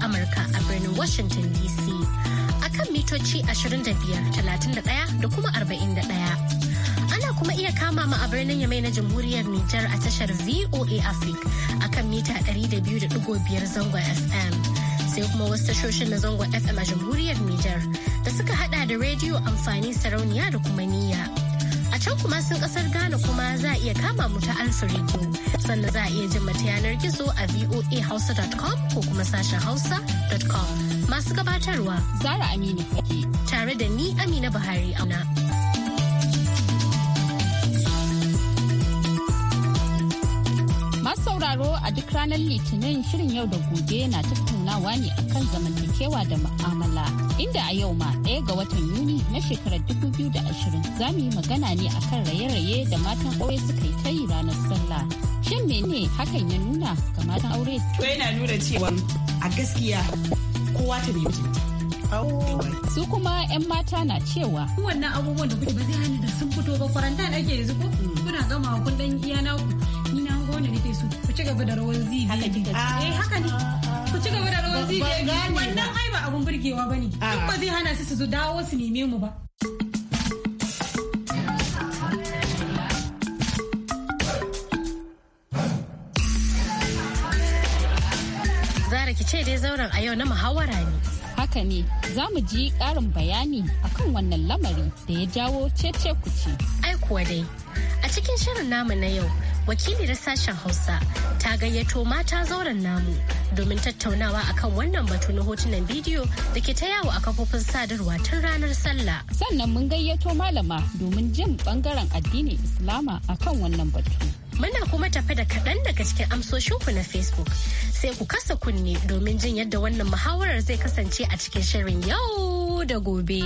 Amurka a birnin Washington DC. A kan mitoci 25,31 da kuma 41. Ana kuma iya kama ma a birnin Yamai na Jamhuriyar Nijar a tashar VOA Africa a kan mita 200.5 zangon FM. Sai kuma wasu tashoshin na zangon FM a Jamhuriyar Nijar da suka hada da rediyo amfani sarauniya da kuma niyya. can kuma sun kasar Ghana kuma za a iya kama mu ta Alfa rigo Sannan za a iya jin mata yanar gizo a voahausa.com ko kuma sashen hausa.com. Masu gabatarwa Zara Aminu Tare da ni Amina Buhari Auna. sauraro a duk ranar Litinin shirin yau da gobe na tattaunawa ne akan zamantakewa da ma'amala. Inda a yau ma ɗaya ga watan Yuni na shekarar 2020 za mu yi magana ne akan raye-raye da matan aure suka yi ta yi ranar sallah. Shin mene hakan ya nuna ga matan aure? To yana nuna cewa a gaskiya kowa ta ne Su kuma 'yan mata na cewa. Wannan abubuwan da kuke ba zai hana da sun fito ba kwaranta ake yanzu ko? Mm. Kuna gama kun ɗan iya naku. wanda nake so ku ci gaba da rawar zibi eh haka ne ku ci gaba da rawar zibi wannan ai ba abun burgewa bane ah. duk ba zai hana su su dawo su neme mu ba Zara ki ce dai zauren a yau na muhawara ne. haka ne za mu ji ƙarin bayani akan wannan lamari da ya jawo cece kuce. Ai kuwa dai, a cikin shirin namu na yau wakili da sashen hausa ta gayyato mata zauren namu domin tattaunawa akan wannan batu na hotunan bidiyo da ke ta yawo a kafofin sadarwa tun ranar sallah sannan mun gayyato malama domin jin bangaren addinin islama akan wannan batu muna kuma tafe da kaɗan daga cikin amsoshinku na facebook sai ku kasa kunne domin jin yadda wannan muhawarar zai kasance a cikin shirin yau da gobe.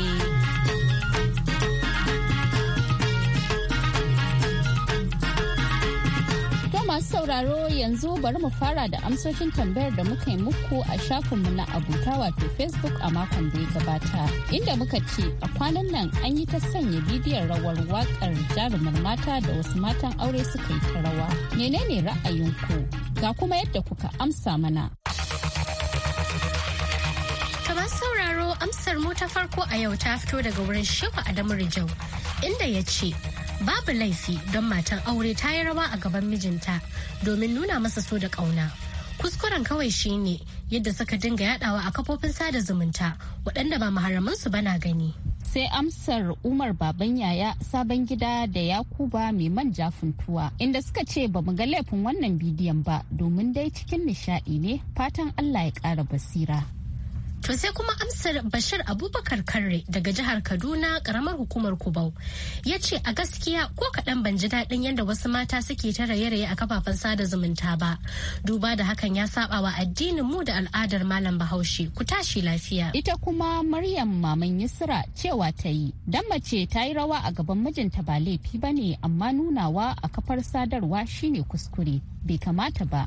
masu sauraro yanzu bari mu fara da amsoshin tambayar da muka yi muku a shafinmu na abuta wato Facebook a makon da ya gabata. Inda muka ce a kwanan nan an yi ta sanya bidiyon rawar wakar jarumar mata da wasu matan aure suka yi ta rawa. Menene ra'ayinku? Ga kuma yadda kuka amsa mana. Kamar sauraro amsar mu ta farko a yau ta fito daga wurin Shehu Adamu Rijau inda ya ce babu laifi don matan aure ta yi rawa a gaban mijinta domin nuna masa so da ƙauna. Kuskuren kawai shine yadda suka dinga yadawa a kafofin sada zumunta waɗanda ba su bana gani. sai amsar umar baban yaya sabon gida da yakuba mai manja funtuwa inda suka ce ba mu ga laifin wannan bidiyon ba domin dai cikin nishaɗi ne fatan allah ya ƙara basira To sai kuma amsar Bashir Abubakar Karre daga jihar Kaduna karamar hukumar Kubau. Ya ce a gaskiya ko kaɗan ban ji daɗin yadda wasu mata suke ta raye-raye a kafafen sada zumunta ba. Duba da hakan ya saba wa addinin mu da al'adar Malam Bahaushe ku tashi lafiya. Ita kuma Maryam Maman Yusra cewa ta yi. Dan mace ta yi rawa a gaban mijinta ba laifi ba ne amma nunawa a kafar sadarwa shine kuskure. Bai kamata ba.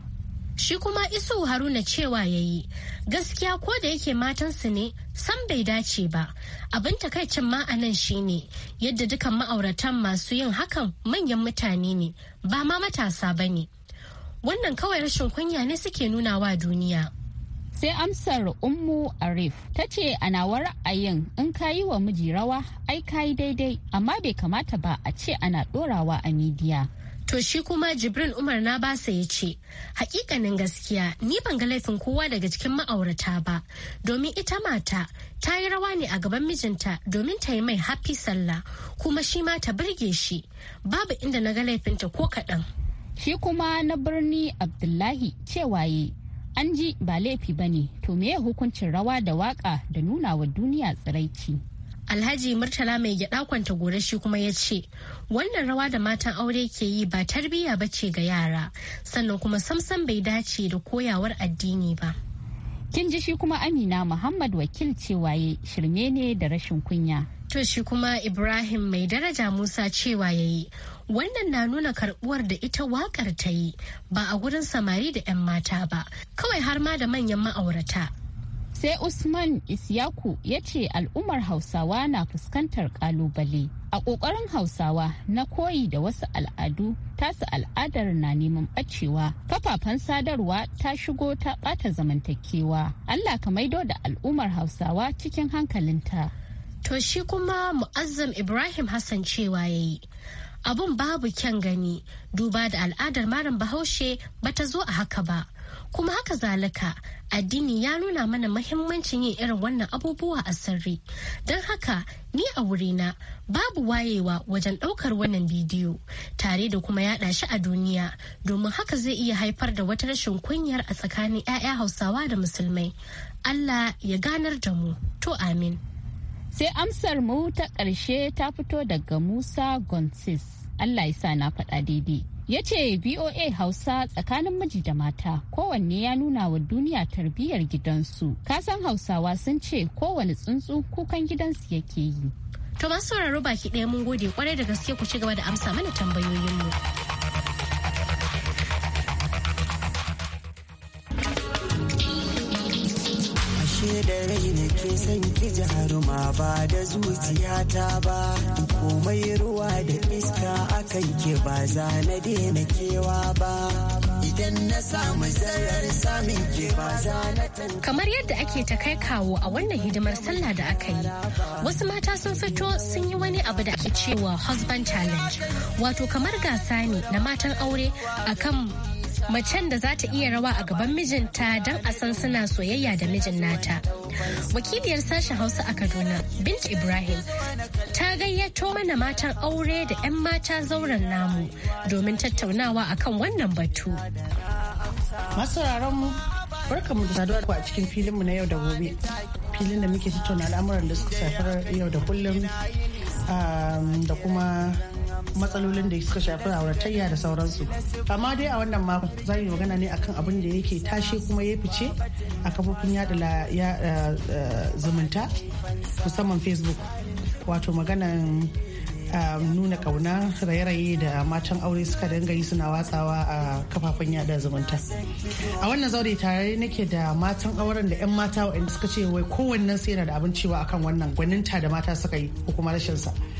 shi kuma iso haruna cewa ya yi gaskiya ko da yake matansu ne sam bai dace ba abin takaicin ma'anan shi ne shine yadda dukan ma'auratan masu yin hakan manyan mutane ne ba ma matasa ba ne wannan kawai rashin kunya ne suke nuna wa duniya sai amsar ummu arif ta ce a yin ra'ayin in ka yi wa miji rawa ai ka yi daidai amma bai kamata ba a ce ana dorawa a midiya To shi kuma Jibrin Umar na basa ya ce, hakikanin gaskiya ni ban ga laifin kowa daga cikin ma'aurata ba, domin ita mata ta yi rawa ne a gaban mijinta domin ta yi mai hafi sallah kuma shi ma ta birge shi, babu inda na ga laifinta ko kaɗan. Shi kuma na birni Abdullahi cewaye an ji ba laifi ba ne, to me hukuncin rawa da waka da nuna wa duniya tsiraici. Alhaji Murtala mai gyada kwanta gore shi kuma ya ce, wannan rawa da matan aure ke yi ba tarbiyya ba ce ga yara, sannan kuma samsan bai dace da koyawar addini ba. Kin ji shi kuma Amina Muhammad wakil cewa ya shirme ne da rashin kunya. To shi kuma Ibrahim mai daraja Musa cewa ya yi, wannan na nuna karbuwar da ita wakar ta yi ba a gurin samari da 'yan mata ba, kawai har ma da manyan ma'aurata. sai usman isyaku ya ce al'ummar hausawa na fuskantar kalubale a ƙoƙarin hausawa na koyi da wasu al'adu tasu al'adar na neman ɓacewa kafafen sadarwa ta shigo ta ɓata zamantakewa allah ka maido da al'ummar hausawa cikin hankalinta to shi kuma mu'azzam ibrahim hassan cewa ya yi abun babu kyan gani duba da al'adar marin bahaushe bata zo a haka ba kuma haka zalika addini ya nuna mana mahimmancin yin irin wannan abubuwa a sirri don haka ni a wurina babu wayewa wajen ɗaukar wannan bidiyo tare da kuma yaɗa shi a duniya domin haka zai iya haifar da wata rashin kunyar a tsakanin 'ya'ya hausawa da musulmai allah ya ganar da mu to amin sai amsar mu ta ƙarshe ta fito daga musa gonsis allah ya sa na faɗa daidai ya ce voa hausa tsakanin miji da mata kowanne ya nuna wa duniya tarbiyyar gidansu kasan hausawa sun ce kowane tsuntsu kukan gidansu yake yi to masu sauraro baki ɗaya mun gode kwarai da gaske ku ci gaba da amsa mana tambayoyinmu yaushe da rai ke san ki jaruma ba da zuciyata ba komai ruwa da iska akan ke ba za na daina kewa ba idan na samu zarar samin ke ba za na kamar yadda ake ta kai kawo a wannan hidimar sallah da aka yi wasu mata sun fito sun yi wani abu da ake cewa husband challenge wato kamar gasa ne na matan aure akan macen da za ta iya rawa a gaban mijinta don a san suna soyayya da mijin nata. Wakiliyar sashen Hausa a Kaduna, Bint Ibrahim, ta gayyato mana matan aure da 'yan mata zauren namu domin tattaunawa akan wannan batu. Masararanmu, barkamu da saduwa a cikin filinmu na yau da gobe. Filin da muke tattauna al'amuran da suka shafar yau da kullum ah, da kuma matsalolin da suka shafi auratayya da sauransu amma dai a wannan makon za yi magana ne akan abin da yake tashe kuma ya fice a kafofin yada eh, eh, zumunta musamman facebook wato maganan eh, nuna kauna raye-raye da matan aure suka dinga yi suna watsawa a kafafen yada zumunta a wannan zaure tare nake da matan auren da 'yan mata wa'anda suka ce wai kowannen sai yana da abin akan wannan gwaninta da mata suka yi ko kuma rashinsa. sa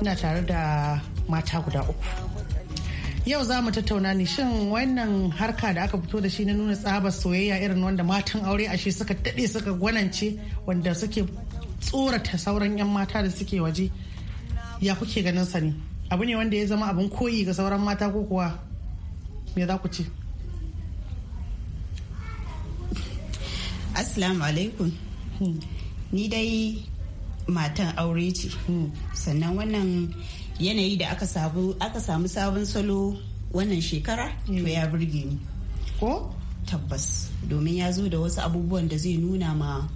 ina tare da mata guda uku yau za mu tattauna ni shin wannan harka da aka fito da shi na nuna tsabar soyayya irin wanda matan aure ashe suka daɗe suka gwanance wanda suke tsorata sauran 'yan mata da suke waje ya kuke ganin sa ne abu ne wanda ya zama abin koyi ga sauran mata ko kuwa me za ku ce assalamu alaikum hmm. ni dai matan aure ce hmm. sannan wannan yanayi da aka samu sabon salo wannan shekara to hmm. ya burge ni ko tabbas domin ya zo da wasu abubuwan da zai nuna ma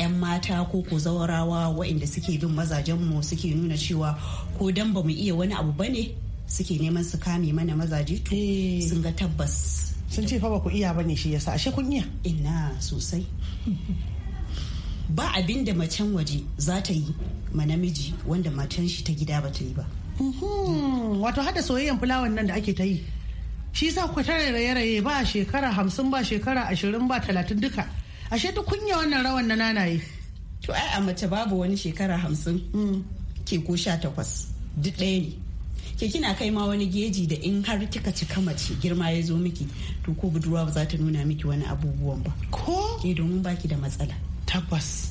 'yan mata ko ko zawarawa waɗanda suke bin mazajenmu suke nuna cewa ko dan ba mu iya wani abu bane suke neman su kame mana mazaje to eh. sun ga tabbas sun ce fa ba ku iya bane shi yasa ashe kun iya ina sosai ba abin da macen waje za ta yi ma namiji wanda matan shi ta gida ba ta yi ba mhm. wato hada soyayyen fulawan nan da ake ta yi shi sa ku tare raye-raye ba shekara hamsin ba shekara ashirin ba talatin duka ashe duk kunya wannan rawan na nanaye to ai a mace babu wani shekara hamsin mm. ke ko sha takwas duk ɗaya ne ke kina kai ma wani geji da in har kika cika mace girma ya zo miki to ko budurwa ba za ta nuna miki wani abubuwan ba ko Ke eh, domin baki da matsala tabbas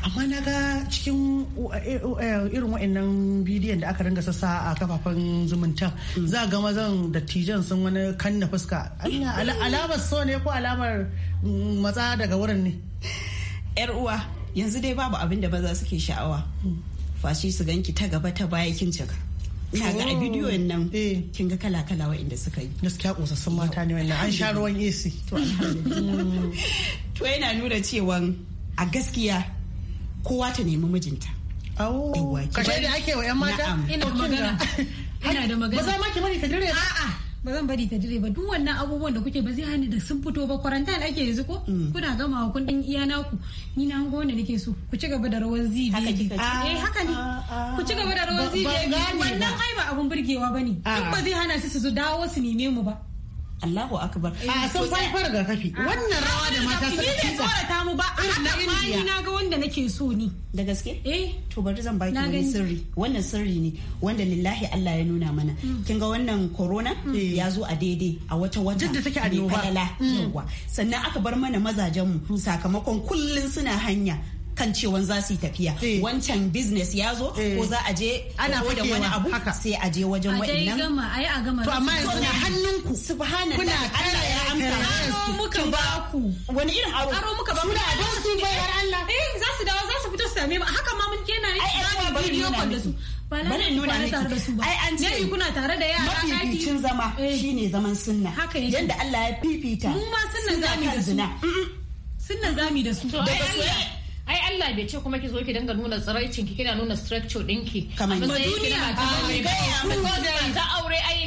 amma na ga cikin eh, eh, irin wa'annan bidiyon da aka ringa sassa a kafafen zumunta mm. za ga mazan dattijan sun wani kan na fuska alamar so ne ko alamar mm, matsa daga wurin ne yar uwa yanzu dai babu abin da maza suke sha'awa mm. fashi su ganki ta gaba ta baya kin cika ina ga a oh, bidiyon nan eh. kin ga kala kala wa'inda suka yi gaskiya kosassun mata ne wannan an sha ruwan AC to yana nuna cewa a gaskiya kowa ta nemi mijinta kashe da ake wa 'yan mata ina magana ina da magana ba za ma ki bari ta dire ba a'a ba zan bari ta dire ba duk wannan abubuwan da kuke ba zai hani da sun fito ba kwaranta da ake yanzu ko mm. kuna gama kun kundin iya naku ni na hango wanda nake so ku ci gaba da rawar zibi eh haka ne ku ci gaba da rawar zibi wannan ai ba abun burgewa bane duk ba zai hana su su dawo su neme mu ba Allahu akbar. A sun faifar ga kafi. Wannan rawa da mata suka ci. Ni ne tsorata mu ba. Irin na Indiya. Na ga wanda nake so ni. Da gaske? Eh. To bari zan baki wani sirri. Wannan sirri ne wanda lillahi Allah ya nuna mana. Hmm. Kin ga wannan corona hmm. eh. ya zo a daidai a wata wata. Jidda take annoba. Hmm. Yawa. Sannan aka bar mana mazajen mu sakamakon kullun suna hanya kan cewan za su yi tafiya eh. wancan business ya zo ko eh. za a je ana da wani abu sai a je wajen wa'annan to amma yanzu na hannunku subhanallah kuna Allah ya amsa aro muka ba ku wani irin aro aro muka ba mu da don su bayar Allah eh za su dawo za su fito su same ba haka ma mun kena ne ba video call da su Bana na nuna miki ai an ce yayi kuna tare da yara daki mafificin zama eh. shine zaman sunna haka yake yanda Allah ya fifita mu ma sunna zamu da zina sunna zamu da su daga soyayya ai Allah bai ce kuma ki zo ki dinga nuna tsiraicin ki kina nuna structure ɗinki kamar duniya ta aure ai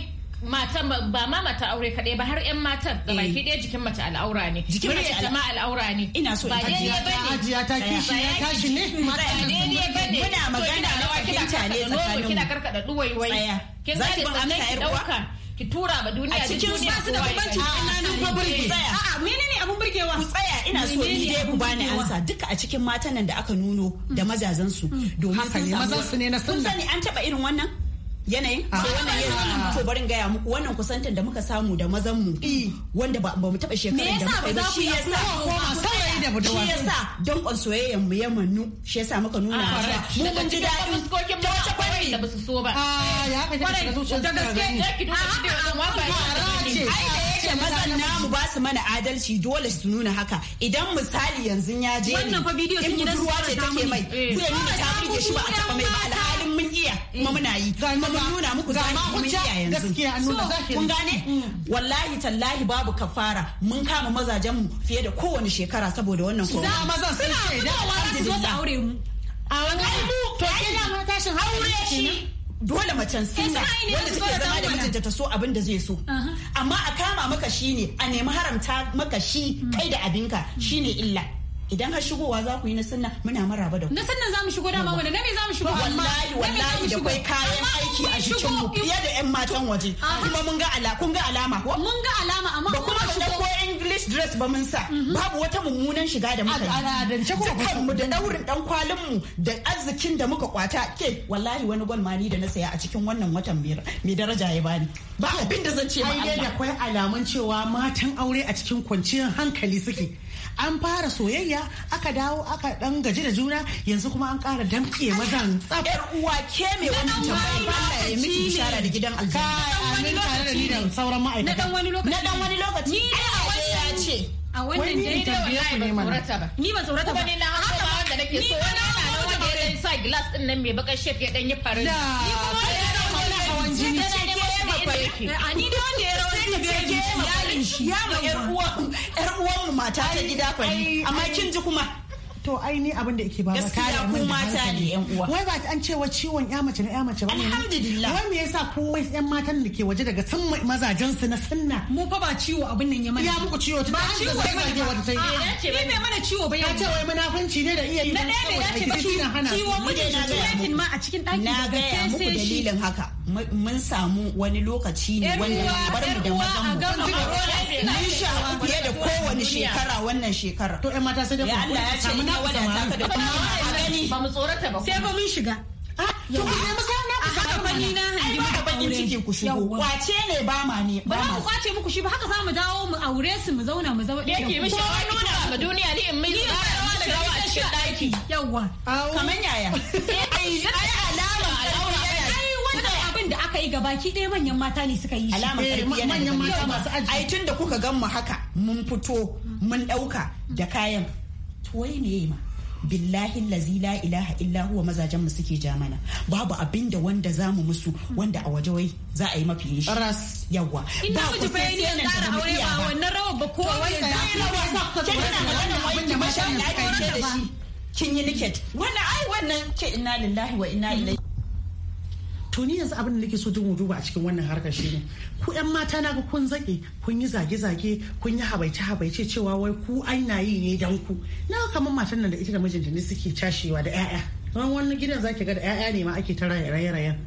mata ba ma mata aure kadai ba har 'yan matan da baki eh. ɗaya jikin mace al'aura ne jikin mace ma al'aura ne ina so ba daidai ba ne ajiya ta kishi ya tashi ne ba daidai ba ne muna magana da wakilta ne tsakanin kina karkada duwaiwai kin ga ki dauka ki tura ba duniya a cikin su da bambanci kananan ko burge a'a menene abun burgewa tsaya ina so ni dai ku bani ansa duka a cikin matan nan da aka nuno da mm. mazazan su mm. domin sun mazan su ne na sunna kun sani an taba irin wannan yanayin ah. So wannan ya zama muku ah. barin gaya muku wannan kusantan da muka samu da mazan mu e. wanda ba mu taba shekarun da muka yi shi yasa da budurwa shi yasa don kon soyayyen mu ya mannu shi yasa muka nuna ah, mu mun ji dadin ta wata kai da basu so ba a ah, ya ka ta zuciya da gaske da ki ah, duba shi da ba ah, ai da yake mazan namu ba su mana adalci dole su nuna haka idan misali yanzu ya je wannan fa bidiyo sun yi ruwa ce take mai zai nuna eh. ta burge shi ba a taba mai ba alhalin mun iya kuma muna yi kuma mun nuna muku zaki mun iya yanzu gaskiya an nuna zaki mun gane mm. wallahi tallahi babu kafara mun kama mazajen mu fiye da kowane shekara saboda wannan kowa za mazan sun ce da alhamdulillah aure mu a wani to kina ma tashin aure shi dole macen sunna wanda take zama da mijinta ta so abin da zai so amma a kama maka shine a nemi haramta maka shi mm. kai da abinka shine illa idan har shigowa za ku yi na sunna muna maraba da ku. Na sunna za mu shigo dama wani na me za mu shigo amma wallahi wallahi da kai kayan aiki a jikin mu fiye da yan matan waje ah. kuma mun ga ala kun ga alama ko mun ga alama amma ba kuma ba ko English dress ba mun sa mhm. babu wata mummunan shiga da muka yi kan mu da daurin dan kwalin mu da arzikin da muka kwata ke wallahi wani gwal mani da na saya a cikin wannan watan biyar mai daraja ya bani ba abin da zan ce ba Allah akwai alamun cewa matan aure a cikin kwanciyar hankali suke an fara soyayya aka dawo aka dan gaji da juna yanzu kuma an kara damke mazan tsaf yar uwa ke me wannan tambaya ba da ya miki shara da gidan aljanna Na tare wani ni da sauran ma'aikata na dan wani lokaci na dan wani lokaci ni a wannan ce a wannan dai da wallahi ba tsorata ba ni ba tsorata ba ni na haka wanda nake so wani na da wanda ya sa glass din nan mai bakar shef ya dan yi farin ni kuma wani hawan jini ce ni yake ani da wanda ya rawar da gaji iyalin shi ya yar uwa uwan mata ta gida fari amma kin ji kuma to ai ni abin da yake ba ba kare mun mata ne yan uwa wai ba an cewa ciwon ya mace na ya mace ba ne alhamdulillah wai me yasa ko wai yan matan da ke waje daga san mazajen su na sanna mu fa ba ciwo abin nan ya mana ya muku ciwo ba ciwo ya mana ba ta yi ni me mana ciwo ba ya ce wai munafunci ne da iya yi na ɗaya bai dace ba ciwo ciwo ne na ga yakin ma a cikin ɗaki na ga ya muku dalilin haka mun samu wani lokaci ne wanda bar mu da mazan mu ni sha fiye da kowa wani shekara wannan shekara to ƴan mata sai dai ya Allah ya ce ina wadata ka da kuma a gani ba mu tsorata ba sai ba mun shiga ah, to ku nemi sauna ku saka fani na hangi mata bakin ciki ku shigo kwace ne ba ma ne ba mu kwace muku shi ba haka za mu dawo mu aure su mu zauna mu zama ɗaya. yake mishi wani nuna ga duniya ni in mun tsara da gawa a cikin daki yawa kamar yaya eh, ai alama alama da aka yi gabaki ɗaya manyan mata ne suka yi shi tun eh, da kuka gan mu haka mun fito mun ɗauka da kayan wai me yayi ma billahi lazi la ilaha illa huwa mazajen mu suke ja mana babu abin da wanda za mu musu wanda a waje wai za a yi mafi shi ras yawa ba ku sai ne nan da aure ba wannan rawa ba ko wai rawa za ku kina magana wai ki masha Allah da shi kin yi niket wannan ai wannan ke inna lillahi wa inna ilaihi to ni yanzu abin da nake so tun duba a cikin wannan harkar shi ne ku yan mata na ga kun zake kun yi zage-zage kun yi habaice-habaice cewa wai ku an na yi ne dan ku na kamar matan nan da ita da mijinta ne suke cashewa da 'ya'ya don wani gidan zaki ga da 'ya'ya ne ma ake ta raye-rayen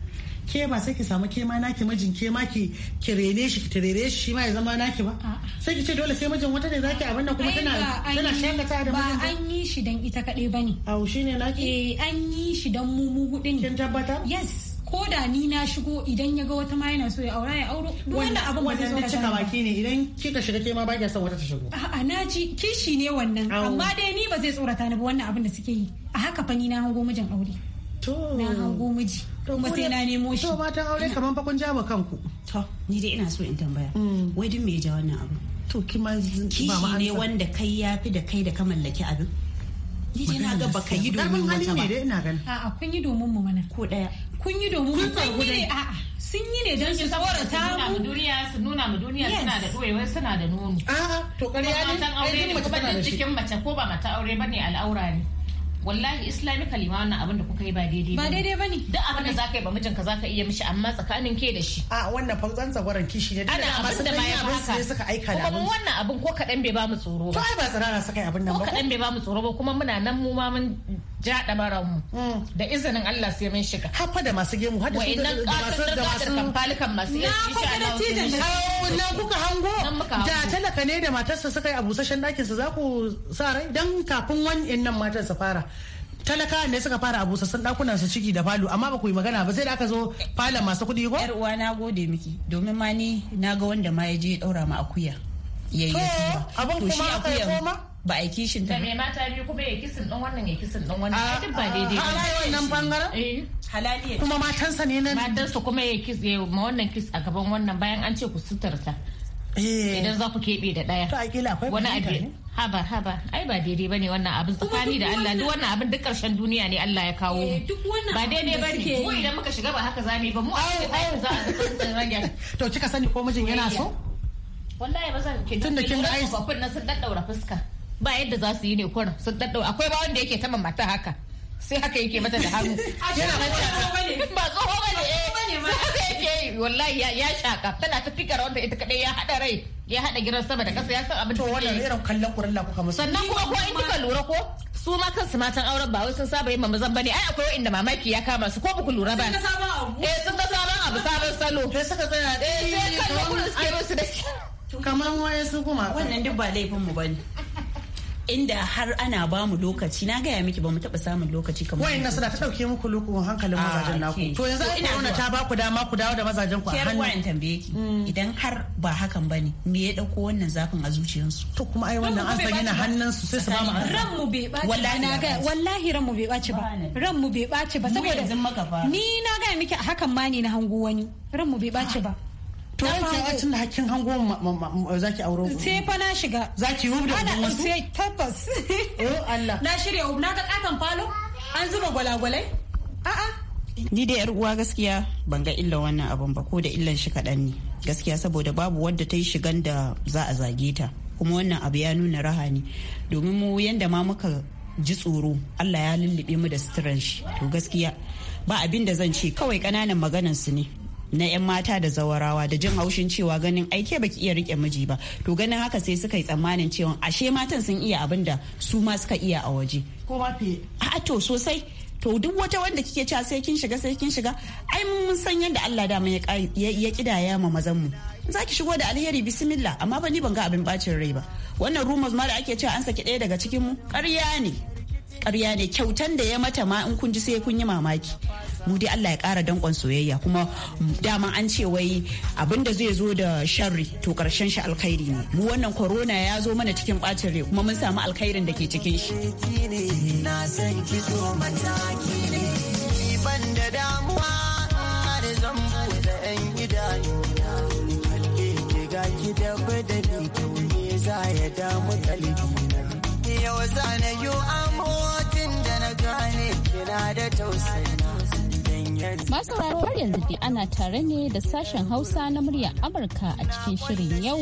ke ba sai ki samu ke ma naki mijin ke ma ki ki rene shi ki rene shi ma ya zama naki ba sai ki ce dole sai mijin wata ne zaki abin nan kuma tana tana shakata da mijin ba an yi shi dan ita kaɗai bane au shine naki eh an yi shi dan mu mu hudin kin tabbata yes ko da ni na shigo idan ya ga wata ma yana so ya aura ya auro duk wanda abin ba zai so ka cika baki ne idan kika shiga ke ma ba kya son wata ta shigo a'a na ji kishi ne wannan amma dai ni ba zai tsorata ni ba wannan abin da suke yi a haka fa ni na hango mijin aure na hango miji kuma sai na nemo shi to matan aure kaman fa kun jaba kanku to ni dai ina so in tambaya mm. wai duk me ya ja wannan abu to kima ba ma ne wanda kai yafi da kai da ka mallaki abin ni dai na ga baka yi domin wata ba ina ganin a'a kun yi domin mu mana ko daya kun yi domin kun san gudai a'a sun yi ne don su saboda ta mu duniya su nuna mu duniya suna da doyewa suna da nono a'a to kariya ne matan aure ne kuma jikin mace ko ba mata aure bane al'aura ne wallahi islamic ma wannan abin da kuka yi ba daidai ba daidai ba ne duk abin da ka yi ba mijinka za ka iya mishi amma tsakanin ke da shi a wannan fantsan tsagwaron kishi ne ana abin da bayan haka suka aika da abin wannan abin ko kadan bai ba mu tsoro ba to ai ba tsirara suka yi abin nan ba ko kadan bai ba mu tsoro ba kuma muna nan mu ma mun ja ɗabaran mu mm. da izinin Allah sai mun shiga hafa da masu gemu hada su da masu da masu kamfalikan masu na fa da titin nan kuka hango da talaka ne da matarsa suka yi a busashen ɗakin za ku sa rai dan kafin wani nan matar su fara talaka ne suka fara abu sassan dakunan su ciki da falo amma ba ku yi magana ba sai da aka zo falon masu kuɗi ko yar uwa na gode miki domin ma ni na ga wanda ma ya je ya daura ma akuya yayi to abin kuma akuya ba a yi kishin ta. Da mai mata biyu kuma ya kisin ɗan wannan ya kisin ɗan wannan. Ai duk ba ah, daidai. Ah, Halali wannan bangaren? Eh. Halali ya. Kuma matansa ne nan. Matansa kuma ya kis ya ma wannan kis a gaban wannan bayan an ce ku sutarta. Eh. Idan za ku keɓe da ɗaya. To a akwai wani abu Haba haba ai ba daidai bane wannan abin tsakani da Allah duk wannan abin duk karshen duniya ne Allah ya kawo mu. Eh, duk ba daidai ba ne. Mu idan muka shiga ba haka za mu yi ba mu a za a rage. To kika sani ko mijin yana so? Wallahi ba zan ke. Tunda kin ga ai. Babbin na sun daddaura fuska. ba yadda za su yi ne kurin sun daddau akwai ba wanda yake taban mata haka sai haka yake mata da hannu yana mata ba tsoho bane eh haka yake wallahi ya shaka tana ta fikar wanda ita kadai ya hada rai ya hada gidan sama da kasa ya san abin da wannan irin kallon kurin kuka musu sannan kuma ko in kika lura ko su ma kansu matan auren ba wai sun saba yin mamazan bane ai akwai wanda mamaki ya kama su ko ba ku lura ba eh sun ta sabon abu sabon salo sai suka tsaya eh sai kallon kurin suke da kamar wani su kuma wannan duk ba laifin mu bane inda har ana ba mu lokaci na gaya miki ba mu taɓa samun lokaci kamar wayan na suna ta ɗauke muku lokacin hankalin mazajen ah, naku to yanzu ina nuna ta ba ku dama ku dawo da mazajen ku a hannu kiyar tambaye ki mm. idan har ba hakan bane me ya dauko wannan zafin a zuciyarsu to kuma ai wannan an sanya hannun su sai su ba mu ran mu bai ba wallahi na ga wallahi ran mu bai baci ba ran mu bai baci ba saboda ni na ga miki hakan ma ne na hango wani ran mu bai baci ba to wai wacin da hango zaki auro sai fa na shiga ki da wasu oh, na shirya na ga katon falo an zuba gwalagwalai ni da yar uwa gaskiya ban ga illa wannan abun ba ko da illan shi kaɗan ne gaskiya saboda babu wadda ta yi shigan da za a zage ta kuma wannan abu ya nuna raha ne domin mu yanda ma muka ji tsoro Allah ya lullube mu da suturan shi to gaskiya ba abin da zan ce kawai kananan maganan su ne na 'yan mata da zawarawa da jin haushin cewa ganin aike baki iya rike miji ba to ganin haka sai suka yi tsammanin cewa ashe matan sun iya abin da su ma suka iya a waje ko ma fi a to sosai to duk wata wanda kike cewa sai kin shiga sai kin shiga ai mun san yadda Allah da ya kidaya ma mazan mu za ki shigo da alheri bismillah amma ba ni ban ga abin bacin rai ba wannan rumors ma da ake cewa an saki ɗaya daga cikin mu ƙarya ne karya ne kyautan da ya mata ma in kun ji sai kun yi mamaki mu dai Allah ya kara dankon soyayya kuma dama an ce wai abin da zai zo da sharri to karshen shi alkhairi ne mu wannan corona ya zo mana cikin bacin rai kuma mun samu alkhairin da ke cikin shi na san ki ne da damuwa da yan to za ya damu kalbi yau zane yu amotin da na gane kina da tausayina Masu har yanzu dai ana tare ne da sashen Hausa na muryar Amurka a cikin shirin yau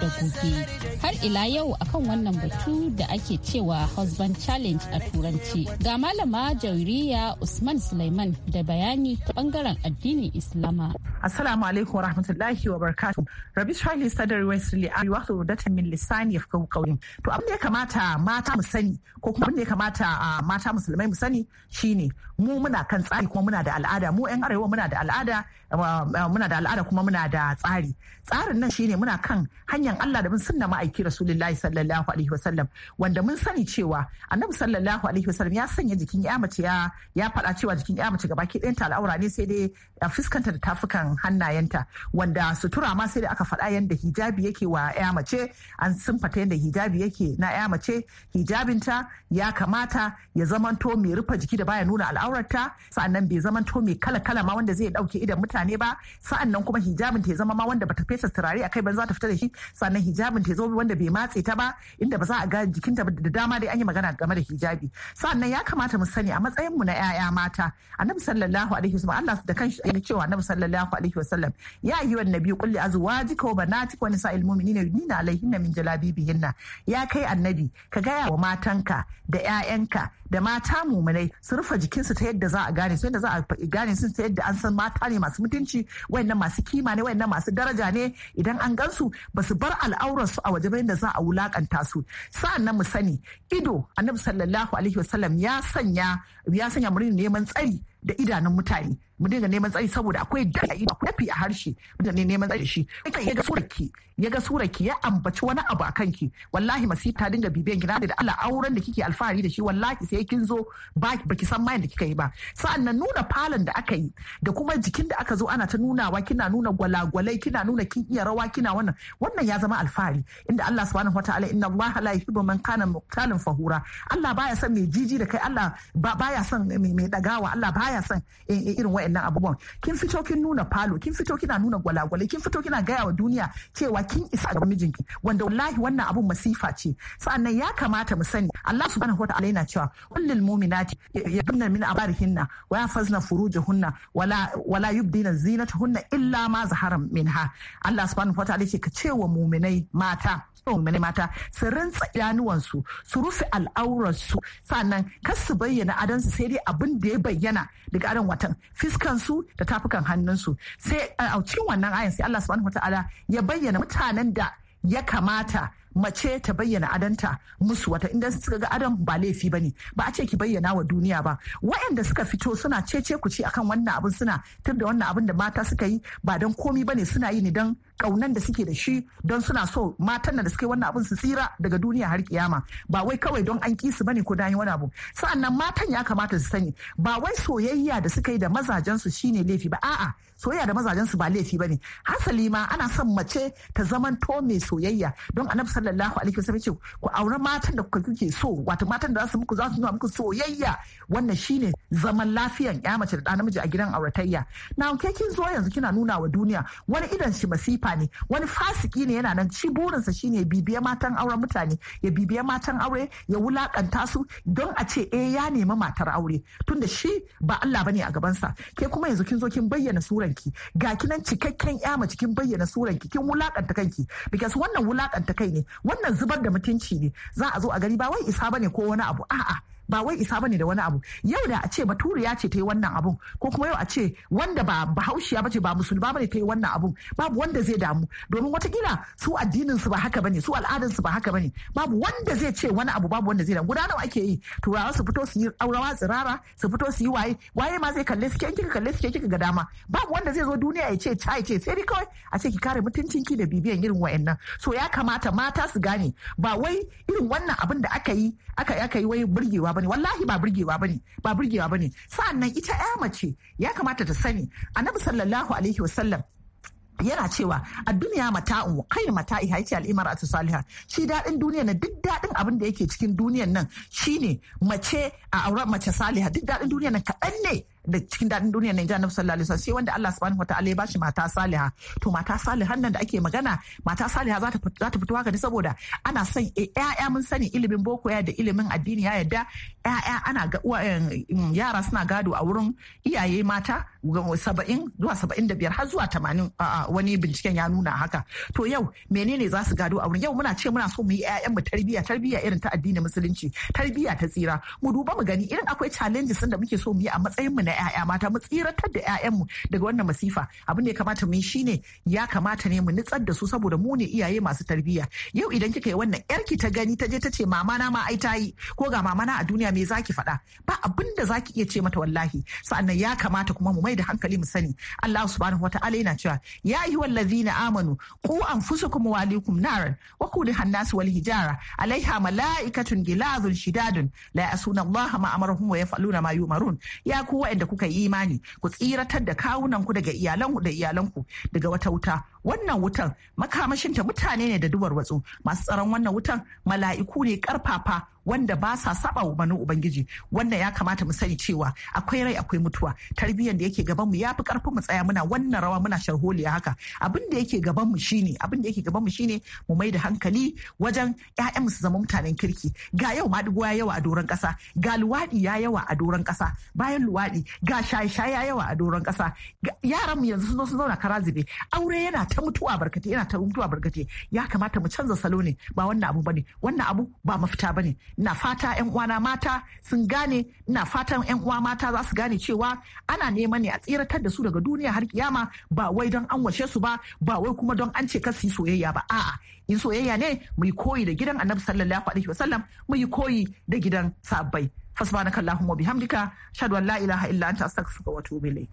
da gobe. Har ila yau akan wannan batu da ake cewa husband challenge a turanci. Ga malama jawiriya Usman Sulaiman da bayani ta bangaren addinin Islama. Assalamu alaikum wa rahmatullahi wa barakatuh. Rabi Shali Sadari Wesley Ali wato datan min lissani ya fi kauyin. To abin da ya kamata mata mu sani ko kuma abin da ya kamata ah, mata musulmai mu sani shine mu muna kan tsari kuma muna da al'ada al'ada mu 'yan arewa muna da al'ada muna da al'ada kuma muna da tsari tsarin nan shine muna kan hanyar Allah da mun sunna ma'aiki rasulullahi sallallahu alaihi wasallam wanda mun sani cewa annabi sallallahu alaihi wasallam ya sanya jikin ya mace ya ya faɗa cewa jikin ya mace gabaki ta al'aura ne sai dai a fuskanta da tafukan hannayenta wanda sutura ma sai dai aka faɗa yanda hijabi yake wa ya mace an sunfata yanda hijabi yake na ya mace hijabinta ya kamata ya zamanto mai rufe jiki da baya nuna al'aurarta sa'annan bai zamanto mai mai kala kala ma wanda zai dauke idan mutane ba sa'annan kuma hijabin ta zama ma wanda bata fesa turare akai ban za ta fita da shi sannan hijabin ta zo wanda bai matse ta ba inda ba za a ga jikinta da dama dai an yi magana game da hijabi sa'annan ya kamata mu sani a matsayin mu na yaya mata annabi sallallahu alaihi wasallam Allah da kanshi ya cewa annabi sallallahu alaihi wasallam ya yi wa nabi kulli azwajika wa banatika wa nisa'il mu'minina yudnina alaihinna min jalabibihinna ya kai annabi ka gaya wa matanka da 'ya'yanka da mata mumunai su rufe jikinsu ta yadda za a gane su yadda za a gane su ta yadda an san mata ne masu mutunci wayannan masu kima ne wayannan masu daraja ne idan an gansu ba su bar al'aurarsu a waje ba yadda za a wulakanta su sa'annan mu sani ido annabi sallallahu alaihi wasallam ya sanya ya sanya murin neman tsari da idanun mutane mu dinga neman tsayi saboda akwai da'i ba dafi a harshe mu dinga neman tsayi shi kai ya ga suraki ya ga suraki ya ambaci wani abu a kanki wallahi masifa ta dinga bibiyan gida da Allah auren da kike alfahari da shi wallahi sai kin zo ba baki san mayan da kika yi ba sa'annan nuna falon da aka yi da kuma jikin da aka zo ana ta nunawa kina nuna gwalagwalai kina nuna kin iya rawa kina wannan wannan ya zama alfahari inda Allah subhanahu wataala inna Allah la yuhibbu man kana muktalin fahura Allah baya son mai jiji da kai Allah baya son mai dagawa Allah baya son eh, eh, irin wa'annan wa'annan abubuwan kin fito kin nuna falo kin fito kina nuna gwalagwale kin fito kina gaya wa duniya cewa kin isa ga mijinki wanda wallahi wannan abun masifa ce sa'annan ya kamata mu sani Allah subhanahu wataala yana cewa kullul mu'minati yadunna min abarihinna wa yafazna furujuhunna wala wala yubdina zinatuhunna illa ma zahara minha Allah subhanahu wataala yake ka cewa mu'minai mata mai mata su rantsa idanuwansu su rufe al'aurarsu sannan kar su bayyana adansu sai dai abin da ya bayyana daga adan watan fiskansu da tafukan hannunsu sai a cikin wannan ayan sai Allah subhanahu wataala ya bayyana mutanen da ya kamata mace ta bayyana adanta musu wata inda suka ga adam ba laifi ba ne ba a ce ki bayyana wa duniya ba waɗanda suka fito suna cece ku ci akan wannan abin suna tur da wannan abin da mata suka yi ba don komi ba ne suna yi ne don kaunan da suke da shi don suna so matan da suke wannan abin su tsira daga duniya har kiyama ba wai kawai don an kisu ne ko dani wani abu sa'annan matan ya kamata su sani ba wai soyayya da suka yi da mazajen su shine laifi ba a'a soyayya da mazajen su ba laifi ba ne hasali ma ana son mace ta zamanto mai soyayya don annabi sallallahu alaihi wasallam ce ku aure matan da kuke so wato matan da za su muku za su nuna muku soyayya wannan shine zaman lafiyan ya mace da namiji a gidan auratayya na ke kin zo yanzu kina nuna wa duniya wani idan shi masifa ne wani fasiki ne yana nan ci burinsa shine bibiya matan auren mutane ya bibiya matan aure ya wulakanta su don a ce eh ya nemi matar aure tunda shi ba Allah bane a gabansa ke kuma yanzu kin zo kin bayyana suran ki ga kinan cikakken ya mace kin bayyana suranki kin wulakanta kanki because wannan wulakanta kai ne wannan zubar da mutunci ne za a zo a gari ba wai isa bane ko wani abu a'a ba wai isa bane da wani abu yau da a ce baturiya ce ta yi wannan abun ko kuma yau a ce wanda ba bahaushiya bace ba musulma bane ta yi wannan abun babu wanda zai damu domin watakila su addinin su ba haka bane su al'adar su ba haka bane babu wanda zai ce wani abu babu wanda zai damu guda nawa ake yi turawa su fito su yi aurawa tsirara su fito su yi waye waye ma zai kalle su ke kika kalle su ke kika ga dama babu wanda zai zo duniya ya ce ca ya ce sai dai kawai a ce ki kare mutuncin ki da bibiyan irin wa'annan so ya kamata mata su gane ba wai irin wannan abin da aka yi aka aka yi wai burgewa ba bane wallahi ba burgewa bane ba burgewa bane sa'annan ita ya mace ya kamata ta sani annabi sallallahu alaihi wasallam yana cewa a duniya mata'un wa kai mata'i haiti al'imar a saliha shi daɗin duniya na duk daɗin abin da yake cikin duniyan nan shine mace a auren mace saliha duk daɗin duniya na kaɗan ne da cikin daɗin duniya nan jihar sallallahu alaihi wasallam wanda Allah subhanahu wataala ya bashi mata saliha to mata saliha nan da ake magana mata saliha za ta fito haka ne saboda ana son yaya e, mun sani ilimin boko ya da ilimin addini ya yadda ƴaƴa ana yara suna gado a wurin iyaye mata saba'in zuwa saba'in da biyar har zuwa tamanin wani binciken ya nuna haka to yau menene za su gado a wurin yau muna ce muna so mu yi ƴaƴan mu tarbiyya tarbiyya irin ta addinin musulunci tarbiyya ta tsira mu duba mu gani irin akwai challenges da muke so mu yi a matsayin mu na 'ya'ya mata mu tsiratar da mu daga wannan masifa abin da ya kamata mu yi shine ya kamata ne mu nitsar da su saboda mu ne iyaye masu tarbiyya yau idan kika yi wannan yarki ta gani ta je ta ce mama na ma ai ta yi ko ga mama na a duniya me zaki faɗa ba abin da zaki iya ce mata wallahi sa'annan ya kamata kuma mu mai da hankali mu sani Allah subhanahu wataala yana cewa ya yi wallazina amanu ku anfusukum wa alaykum naran wa kulihan nasu wal hijara alaiha mala'ikatun gilazun shidadun la yasuna Allah ma amaruhum wa yaf'aluna ma yumarun ya ku da kuka yi imani ku tsiratar da kawunanku daga iyalanku da iyalanku daga wata wuta wannan wutan makamashinta mutane ne da duwarwatsu masu tsaron wannan wutan mala'iku ne karfafa wanda ba sa saba wa manu ubangiji wanda ya kamata mu sani cewa akwai rai akwai mutuwa tarbiyyar da yake gaban mu yafi karfin mu tsaya muna wannan rawa muna sharholiya haka abin da yake gaban mu shine abin da yake gaban mu shine mu mai da hankali wajen ƴaƴan su zama mutanen kirki ga yau ma ya yawa a doron ƙasa ga luwaɗi ya yawa a doron ƙasa bayan luwaɗi ga shaye-shaye ya yawa a doron ƙasa yaran mu yanzu sun zo su zauna kara zube aure yana ta mutuwa barkate yana ta mutuwa barkate ya kamata mu canza salo ne ba wannan abu bane wannan abu ba mafita bane ina fata yan uwana mata sun gane ina fatan yan uwa mata za su gane cewa ana neman ne a tsiratar da su daga duniya har kiyama ba wai don an washe su ba ba wai kuma don an ce ka su soyayya ba a'a in soyayya ne mu yi koyi da gidan annabi sallallahu alaihi wasallam mu yi koyi da gidan sabbai fasbanaka allahumma bihamdika shadu an la ilaha illa anta astaghfiruka wa atubu ilayk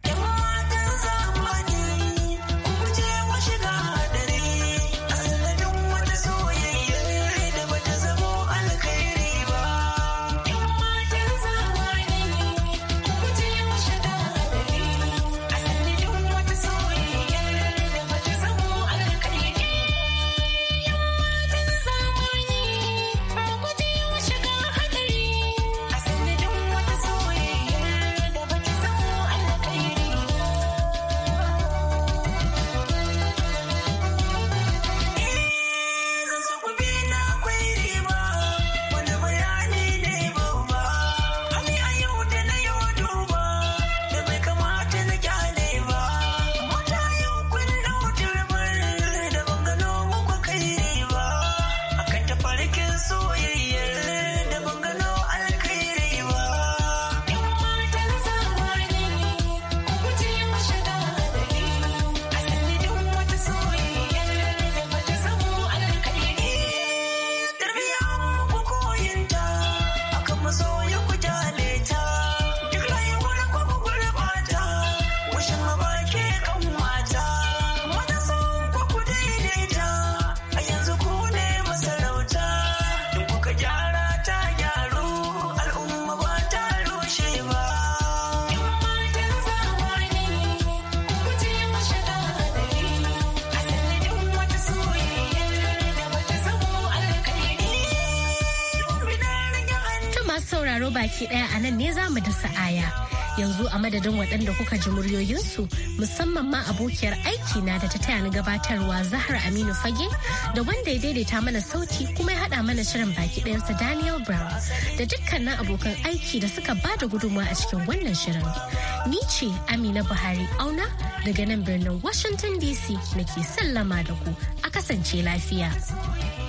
yaro baki daya a nan ne za mu dasa aya. Yanzu a madadin waɗanda kuka ji muryoyinsu musamman ma abokiyar aiki na da ta taya ni gabatarwa Zahra Aminu Fage da wanda ya daidaita mana sauti kuma ya haɗa mana shirin baki ɗayansa Daniel Brown da dukkanin abokan aiki da suka ba da gudunmawa a cikin wannan shirin. Ni ce Amina Buhari Auna daga nan birnin Washington DC nake sallama da ku a kasance lafiya.